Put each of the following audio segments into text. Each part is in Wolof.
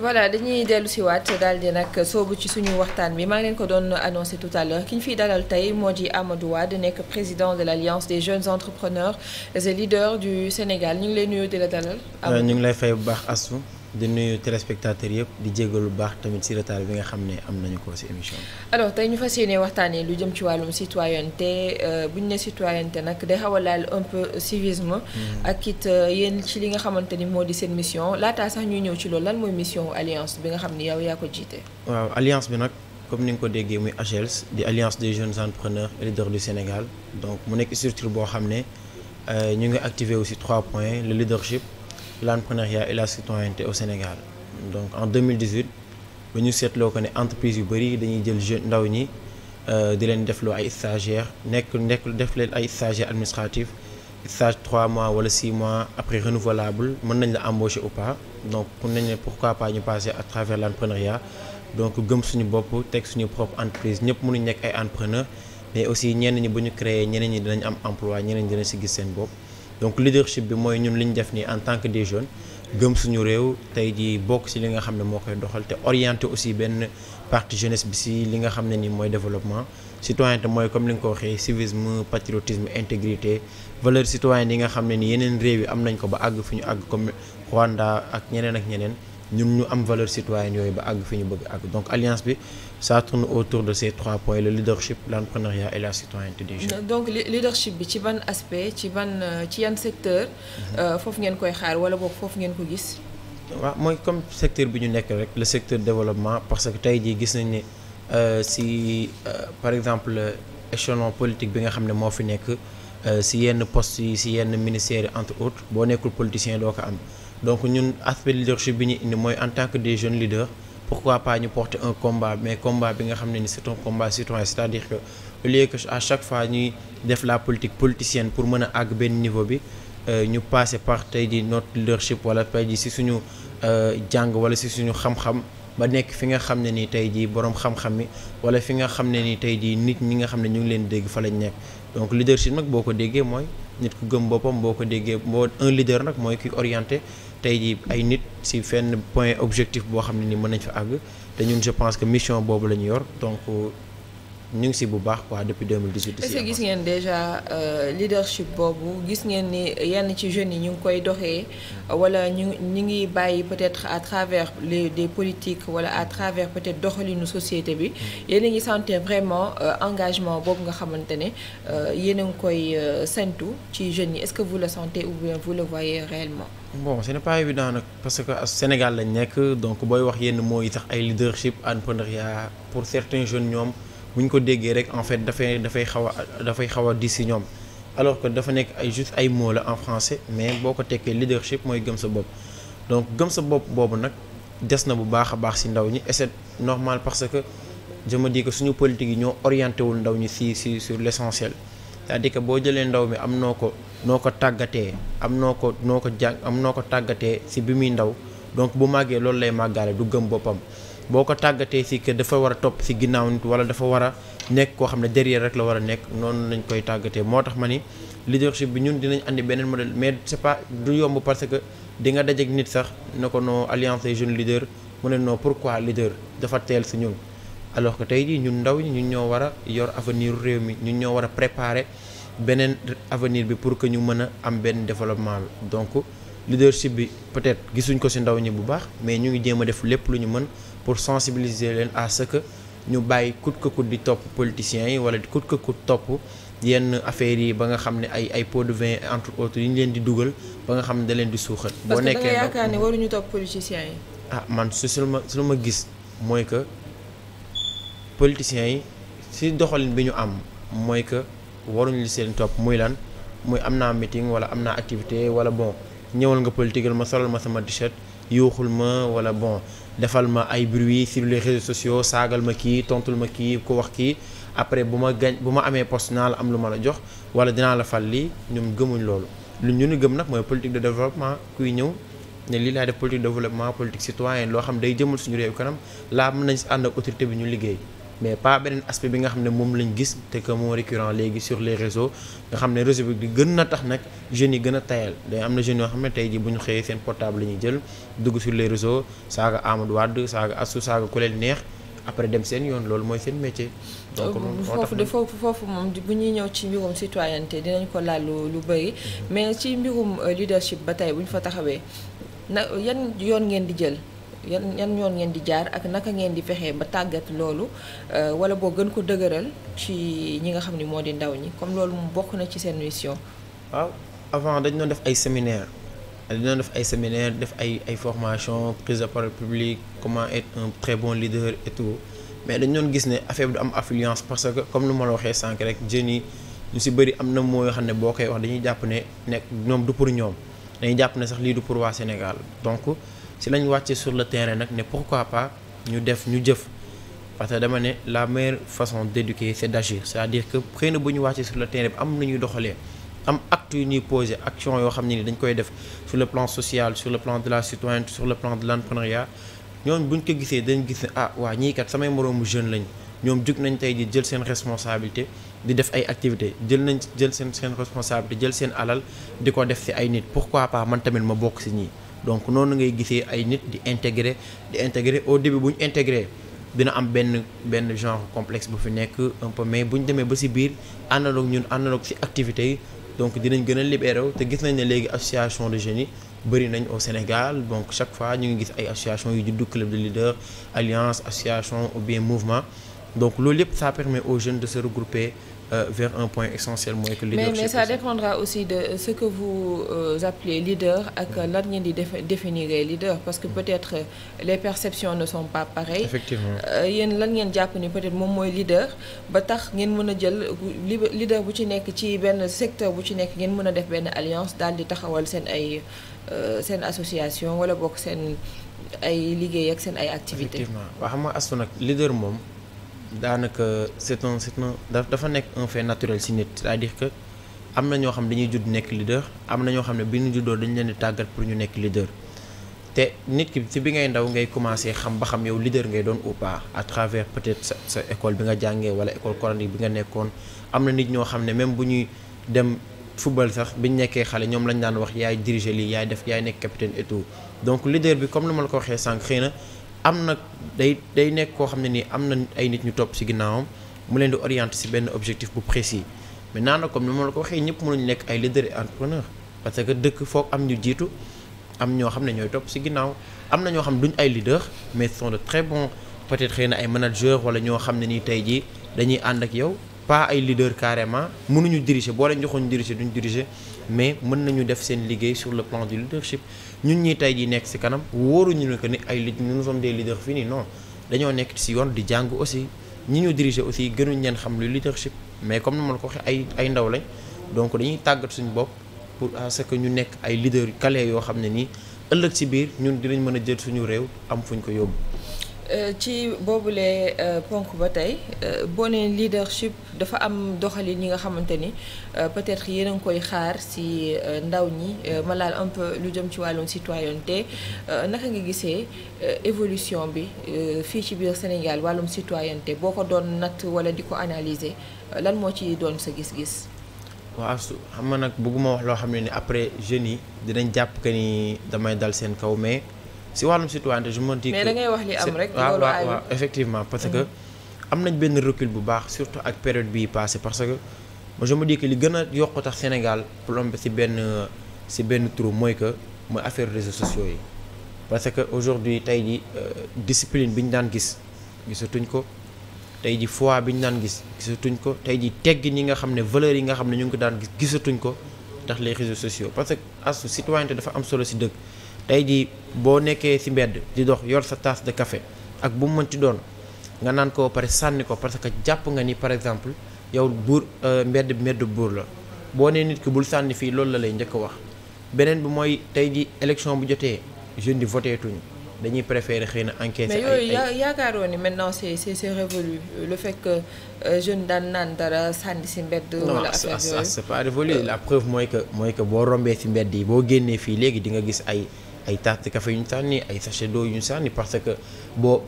voilà dañuy dellu si waat nag soobu ci suñu waxtaan bi maa ngi ko doon annoncé tout à l'heure ki ñu fiy dalal tey moo di Amadou nekk président de l' alliance des jeunes entrepreneurs et leaders du Sénégal ñu ngi lay nuyu di la dalal. Euh, ñu ngi lay fay bu baax Astou. di nuyu téléspectateurs yëpp di jéggalu baax tamit ci retard bi nga xam ne am nañu ko ci émission bi. alors tey ñu fa yéene waxtaanee lu jëm ci wàllum citoyenneté euh, bu ñu ne citoyenneté nag day xaw a laal un peu civisme. Mm-hmm. ak it euh, yéen ci li nga xamante ni moo di seen mission laata sax ñuy ñëw ci loolu lan mooy mission alliance bi nga xam ni yow yaa ko jiite. waaw alliance bi nag comme ni nga ko déggee muy AGELS di alliance des jeunes entrepreneurs et leaders du Sénégal donc mu nekk structure boo xam ne euh, ñu ngi activé aussi trois points le leadership. l'entrepreneuriat et la citoyenneté au Sénégal donc en 2018 ba ñu seetloo ko ne entreprise yu bëri dañuy jël jeune ndaw ñi euh, di leen defloo ay stagiaires nekk nekk def leen ay stagiaires administratifs stage trois mois wala 6 mois après renouvelable mën nañ la embaucher ou pas donc pour nañ ne pourquoi pas ñu passer à travers l'entrepreneuriat donc gëm suñu bopp teg suñu propre entreprise ñëpp mënuñ nekk ay entrepreneur mais aussi ñenn ñi bu ñu créer ñeneen ñi dinañ am emploi ñeneen ñi dinañ gis seen bopp. donc leadership bi mooy ñun li ñu def nii en tant que des jeunes gëm suñu réew tey jii bokk ci li nga xam ne moo koy doxal te orienté aussi benn partie jeunesse bi ci li nga xam ne nii mooy développement citoyenneté mooy comme li nga ko waxee civisme patriotisme intégrité valeur citoyenne yi nga xam ne ni yeneen réew yi am nañ ko ba àgg fi ñu àgg comme Rwanda ak ñeneen ak ñeneen ñun ñu am valeur citoyenne yooyu ba àgg fi ñu bëgg àgg donc alliance bi ça tourne autour de ces trois points le leadership l'entrepreneuriat et la citoyenneté des jeunes. donc leadership bi ci ban aspect ci ban euh, ci yan secteur. Mhm. Euh, foofu ngeen koy xaar wala boog foofu ngeen ko gis. waaw mooy comme secteur bi ñu nekk rek le secteur développement parce que tey jii gis nañ ne euh, si par exemple échelon politique bi nga xam ne moo fi nekk si yenn post yi si yenn yi entre autres boo nekkul politicien doo ko am donc ñun aspect bi mooy tant que des jeunes leaders. pourquoi pas ñu porter un combat mais combat bi nga xam ne ni c'est un combat citoyen c'est-à-dire que à chaque fois ñuy def la politique politicienne pour mën a àgg benn niveau bi euh, ñu passer par tey di notre leadership walla tey ji ci suñu euh, jàng wala si suñu xam-xam ba nekk fi nga xam ne ni tey jii boroom xam-xam mi wala fi nga xam ne ni tey jii nit ñi nga xam ne ñu ngi leen dégg fa lañ nekk donc leadership nag boo ko déggee mooy nit ku gëm boppam boo ko déggee boo un leader nag mooy ki orienté tey jii ay nit si fenn point objectif boo xam ne ni mën nañ fa àgg te ñun je pense que mission boobu lañu yor donc ñu ngi si bu baax quoi depuis 2018. est-ce que gis ngeen déjà euh, leadership boobu gis ngeen ni yenn ci jeunes yi ñu ngi koy doxee wala ñu ñu ngi bàyyi peut-être à travers les des politiques wala à travers peut-être doxalinu société bi mm. yéen a ngi sentir vraiment euh, engagement boobu nga xamante ne euh, yéen a ngi koy sentu ci jeunes yi est-ce que vous le sentez ou bien vous le voyez réellement. bon ce n'est pas évident nag parce que Sénégal lañ nekk donc booy wax yenn mooy tax ay leadership entrepreneuriat pour certains jeunes ñoom. bu ñu ko déggee rek en fait dafay dafay xaw a dafay xaw a di ñoom alors que dafa nekk ay juste ay mots la en français mais boo ko tekkee leadership mooy gëm sa bopp donc gëm sa bopp boobu nag des na bu baax a baax si ndaw ñi et normal parce que je me dis suñu politique yi ñoo orienté wul ndaw ñi si si sur l'essentiel cest à boo jëlee ndaw mi am noo ko noo ko tàggatee am noo ko noo ko jàng am noo ko tàggatee si bi muy ndaw donc bu màggee loolu lay màggaale du gëm boppam boo ko tàggatee si que dafa war a topp si ginnaaw nit wala dafa war a nekk koo xam ne derrière rek la war a nekk noonu nañ koy tàggatee moo tax ma ni leadership bi ñun dinañ andi beneen modèle mais c'est pas du yomb parce que di nga dajeek nit sax ne ko noo alliance des jeunes leaders mu ne non pourquoi leader dafa teel si ñun. alors que tey jii ñun ndaw ñi ñun ñoo war a yor avenir réew mi ñun ñoo war a préparer beneen avenir bi pour que ñu mën a am benn développement bi donc leadership bi peut-être gisuñ ko si ndaw ñi bu baax mais ñu ngi jéem a def lépp lu ñu mën. pour sensibiliser leen à ce que ñu bàyyi coûte que coûte di topp politiciens yi wala coûte que coûte topp yenn affaires yi ba nga xam ne ay ay pots de vin entre autres yi ñu leen di dugal ba nga xam ne da leen di suuxat. boo nekkee parce ne waruñu topp politiciens yi. ah man su su ma su ma gis mooy que politiciens yi si doxalin bi ñu am mooy que waruñu li seen topp muy lan muy am naa meeting wala am na activité wala bon ñëwal nga politique ma solal ma sama t-shirt yuuxul ma wala bon defal ma ay bruit sur les réseaux sociaux saagal ma kii tontul ma kii ku wax kii après bu ma gañ bu ma amee poste naa la am lu ma la jox wala dinaa la fal lii ñoom gëmuñ loolu lu ñu gëm nag mooy politique de développement kuy ñëw ne lii laay def politique de développement politique citoyenne loo xam day jëmal suñu réew kanam laa mën nañ si ànd ak autorité bi ñu liggéey mais pas beneen aspect bi nga xam ne moom lañ gis te que moo récurrent léegi sur les réseaux nga xam ne réseau bi gën na tax nag jeunes yi gën a tayal day am na jeunes yoo xam ne tey ji bu ñu xëyee seen portable la jël dugg sur les réseaux saaga Amadou Wade saaga Assou saaga ku leen neex après dem seen yoon loolu mooy seen métier. donc euh, foofu de foofu foofu moom bu ñuy ñëw ci mbirum citoyenneté dinañ ko laal lu lu bëri mhm. mais ci mbirum euh, leadership ba tey bu ñu fa taxawee na yan yoon ngeen di jël. yan yan yoon ngeen di jaar ak naka ngeen di fexee ba tàggat loolu euh, wala boo gën ko dëgëral ci ñi nga xam ni moo di ndaw ñi comme loolu mu bokk na ci seen mission. waaw avant dañu doon def ay séminaire dañ doon def ay séminaire def ay ay formation prise de parole publique comment être un très bon leader et tout mais dañ doon gis ne affaire du am affluence parce que comme nu ma la waxee sànq rek jeunes yi ñu si bëri am na moo yoo xam ne boo koy wax dañuy jàpp ne nekk ñoom du pour ñoom dañuy jàpp ne sax lii pour waa Sénégal ci lañ wàcce sur le terrain nag ne pourquoi pas ñu def ñu jëf parce que dama ne la meilleure façon d'éduquer c'est d'agir c'est-à-dire que xëy na bu ñu wàccee sur le terrain bi am na ñuy doxalee am acte yu ñuy posé action yoo xam ne ni dañ koy def sur le plan social sur le plan de la citoyenneté sur le plan de l'entrepreneuriat ñoom buñ ko gisee dañu gis ne ah waa ñii kat samay moroomu jeune lañ ñoom jug nañ tey ji jël seen responsabilité di def ay activité jël nañ jël seen seen responsabilité jël seen alal di ko def ci ay nit pourquoi pas man tamit ma bokk ci ñii donc noonu ngay gisee ay nit di intégrer di intégrer au début bu ñu intégrer dina am benn benn genre complexe bu fi nekk un peu mais bu ñu demee ba ci biir àndaloog ñun àndaloog ci activités yi donc dinañ gën a libéré te gis nañ ne léegi association de jeunes yi bëri nañ au Sénégal donc chaque fois ñu ngi gis ay association yu juddu club de leader alliance association ou bien mouvement donc loolu yëpp ça permet au jeune de se regrouper euh, vers un point essentiel mooy que leadership mais mais ça dépendra aussi de ce que vous euh, leader ak lan ngeen di définir leader parce que peut-être euh, les perceptions ne son pas pareilles. effectivement euh, yéen lan ngeen jàpp ni peut-être moom mooy leader ba tax ngeen mën a jël leader bu ci nekk ci benn secteur bu ci nekk ngeen mën a def benn alliance daal di taxawal seen ay euh, seen association wala bokk seen ay liggéey ak seen ay activités. effectivement waa xam nga astu nag leader moom. daanaka c'est un c'est un dafa nekk un fait naturel si nit c'est-à-dire que am na ñoo xam dañuy judd nekk leader am na ñoo xam ne bi ñu juddoo dañu leen di tàggat pour ñu nekk leader te nit ki si bi ngay ndaw ngay commencer xam ba xam yow leader ngay doon ou pas à travers peut-être sa sa école bi nga jàngee wala école coranique bi nga nekkoon am na nit ñoo xam ne même bu ñuy dem football sax bi ñu nekkee xale ñoom lañ daan wax yaay diriger lii yaay def yaay ne capitaine et tout ma la ko waxee sànq xëy na am nag day day nekk koo xam ne nii am na ay nit ñu topp ci ginnaawam mu leen di orienter ci benn objectif bu précis mais naa na comme ni ma la ko waxee ñëpp mënuñu nekk ay leader et entrepreneur parce que dëkk foog am ñu jiitu am ñoo xam ne ñooy topp ci ginnaaw am na ñoo xam ne duñ ay leader mais sont de très bons peut-être xëy na ay manager wala ñoo xam ne nii tey jii dañuy ànd ak yow pas ay leader carrément mënuñu diriger boo leen joxoon diriger duñ diriger mais mën nañu def seen liggéey sur le plan du leadership ñun ñi tey ji nekk si kanam wóoruñu ne que ni ay lutte nous sommes des leaders fii nii non dañoo nekk si yoon di jàng aussi ñi ñu diriger aussi gënuñ leen xam lu leadership mais comme ni ma la ko waxee ay ay ndaw lañ donc dañuy tàggat suñu bopp pour à ce que ñu nekk ay leaders yu kale yoo xam ne nii ëllëg si biir ñun dinañ mën a jël suñu réew am fuñ ko yóbbu. Euh, ci boobule euh, ponk ba tey euh, boo nee leadership dafa am doxalin yi nga xamante ni peut-être yéen a ngi koy xaar si ndaw ñi ma laal un peu lu jëm ci wàllum citoyenneté naka nga gisee évolution bi fii ci biir Sénégal wàllum citoyenneté boo ko doon natt wala di ko analyser lan moo ci doon sa gis-gis. waaw su xam nag bugguma wax loo xam ne ni après jeunes yi dinañ jàpp que ni damay dal seen kaw mais. si wàllum citoyenneté je me mais da ngay wax li am rek. loolu waaw waaw effectivement parce que mhm. am nañ benn recul bu baax surtout ak période bii passé parce que je me dis li gën a yokk tax Sénégal plombe si benn si benn trou mooy que mooy affaire réseaux sociaux yi parce que aujourd'hui tey ji euh, discipline bi ñu daan gis gisatuñ ko tey ji foi bi ñu daan gis gisatuñ ko tey ji tegg ñi nga xam ne valeurs yi nga xam ne ñu ngi ko daan gis gisatuñ ko tax les réseaux parce que asu citoyenneté dafa am solo si dëkk tey jii boo nekkee ci mbedd di dox yor sa tasse de kafe ak bu mu mënti doon nga naan ko pare sànni ko parce que jàpp nga ni par exemple yow buur euh, mbedd mbedd buur la boo ne nit ki bul sànni fii loolu la lay njëkk wax beneen bi mooy tey jii élection bu jotee jeunes di voté dañuy préféré xëy na encaisser mais yooyu yaakaaroo ni maintenant c'est c'est c'est révolu lu fekk euh, jeune daan naan dara sànni si mbedd wala affaire yooyu euh. la preuve mooy que mooy que boo rombee ci mbedd yi boo génnee fii léegi di nga gis ay ay tarte café yu ñu sànni ay sachet d'eau yu ñu sànni parce que boo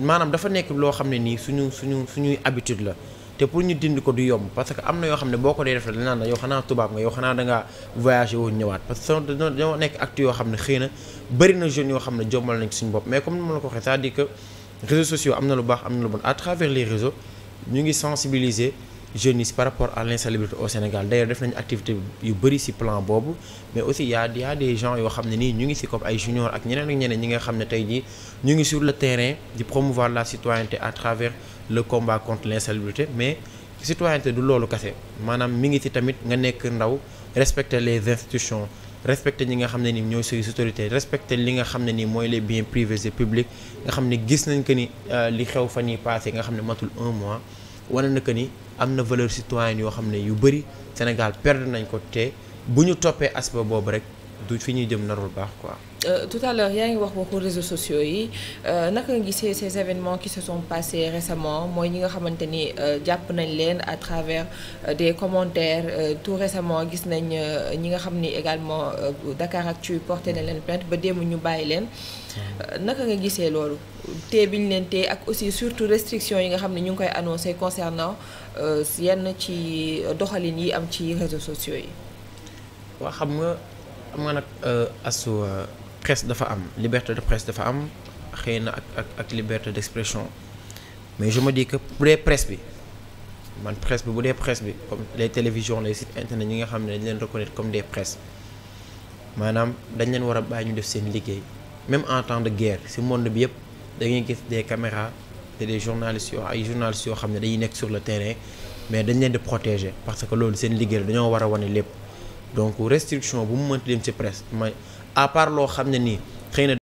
maanaam dafa nekk loo xam ne nii suñu suñu suñuy habitude la te pour ñu dindi ko du yomb parce que am na yoo xam ne boo ko dee def la danaan la yow xanaa tubaab nga yow xanaa dangaa voyagé woon ñëwaat parce que son dañoo nekk acte yoo xam ne xëy na bëri na jeunes yoo xam ne jombal nañ suñu bopp mais comme ni ma la ko waxee c'est-à-dire que réseaux sociaux am na lu baax am na lu bon à travers les réseaux ngi sensibiliser jeunes yi par rapport à l'insalubrité au Sénégal d'ailleurs def nañu activité yu bëri ci plan boobu mais aussi y a y des gens yoo xam ne nii ñu ngi ci comme ay junior ak ñeneen ak ñeneen ñi nga xam ne tey jii ñu ngi sur le terrain di promouvoir la citoyenneté à travers le combat contre l'insalubrité mais citoyenneté du loolu kese maanaam mi ngi ci tamit nga nekk ndaw respecter les institutions respecter ñi nga xam ne ni ñooy say autorité respecter li nga xam ne ni mooy les biens privés et publics nga xam ne gis nañ que ni euh, li xew fan yi passé nga xam ne matul un mois wane na que ni am na valeur citoyenne yoo xam ne yu bëri Sénégal perdre nañ ko te bu ñu toppee aspect boobu rek du fi ñuy jëm narul baax quoi. Euh, tout à yaa ngi wax waxu réseaux sociaux yi euh, naka nga gisee ces événements qui se son passés récemment mooy ñi nga xamante ni euh, jàpp nañ leen à travers euh, des commentaires tout récemment gis nañ ñi nga xam ni également Dakar Actu porté na leen plainte ba démb ñu bàyyi leen naka nga gisee loolu. tee bi ñu leen tee ak aussi surtout restrictions yi nga xam ne ñu ngi koy annoncé concernant euh, yenn ci euh, doxalin yi am ci réseaux sociaux yi. waa xam nga am nga nag euh, asu presse dafa am liberté de presse dafa am xëy na ak ak ak liberté d'expression mais je me dis que bu dee presse bi man presse bi bu dee presse bi comme les télévision les sites internet ñi nga xam ne dañ leen reconnaître comme des presses maanaam dañ leen war a bàyyi ñu def seen liggéey même en temps de guerre si monde bi yëpp. da ngay gis des caméras te des journalistes yoo ay journalistes yoo xam ne dañu nekk sur le terrain mais dañ leen di protéger parce que loolu seen liggéey dañoo war a wane lépp donc restriction bu mu mënti dem ci presse ma à part loo xam ne nii xëy na